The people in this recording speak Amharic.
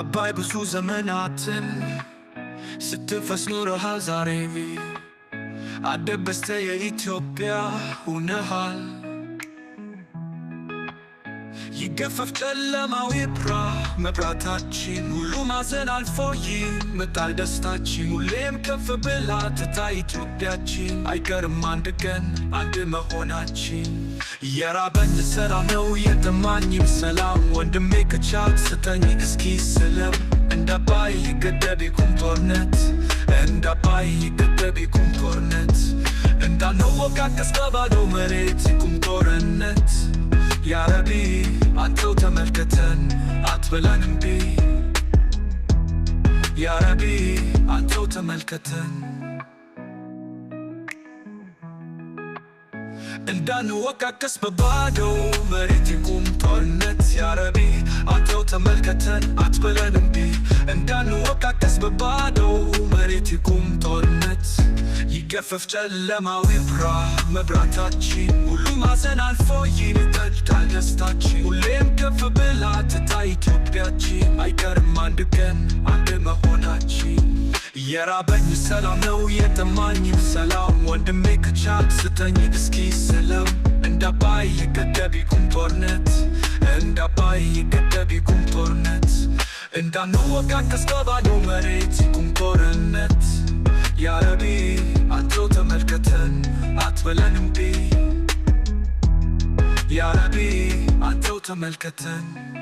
አባይ ብዙ ዘመናትን ስትፈስ ኑረሃል ዛሬ አደበስተ የኢትዮጵያ ሁነሃል። ይገፈፍ ጨለማው ይብራ መብራታችን፣ ሁሉም ሐዘን አልፎ ይመጣል ደስታችን። ሁሌም ከፍ ብላ ትታይ ኢትዮጵያችን፣ አይቀርም አንድ ቀን አንድ መሆናችን። የራበኝ ሰላም ነው የጠማኝም ሰላም ወንድሜ ከቻልክ ስጠኝ እስኪ ስለም እንደ አባይ ይገደብ ይቁም ጦርነት እንደ ይገደብ ይቁም ጦርነት እንዳንወቃቀስ በባዶ መሬት ይቁም ጦርነት ያረቢ አንተው ተመልከተን አትበለን እምቢ ያረቢ አንተው ተመልከተን እንዳንወቃቀስ በባዶው መሬት ይቁም ጦርነት ያረቢ አተው ተመልከተን አትበለን እምቢ እንዳንወቃቀስ በባዶው መሬት ይቁም ጦርነት ይገፈፍ ጨለማዊ ብራ መብራታችን ሁሉም ማዘን አልፎ ይንጠልጣል ደስታችን ሁሌም ከፍ ብላ ትታ ኢትዮጵያችን አይቀርም አንድ ቀን የራበኝ ሰላም ነው የተማኝ ሰላም ወንድሜ ከቻል ስተኝ እስኪ ሰላም እንዳባይ አባይ ይገደብ ይቁም ጦርነት እንዳባይ አባይ ይገደብ ይቁም ጦርነት እንዳንወጋ ተስተባዶ መሬት ይቁም ጦርነት ያረቢ አቶ ተመልከተን አትበለን እምቢ ያረቢ አቶ ተመልከተን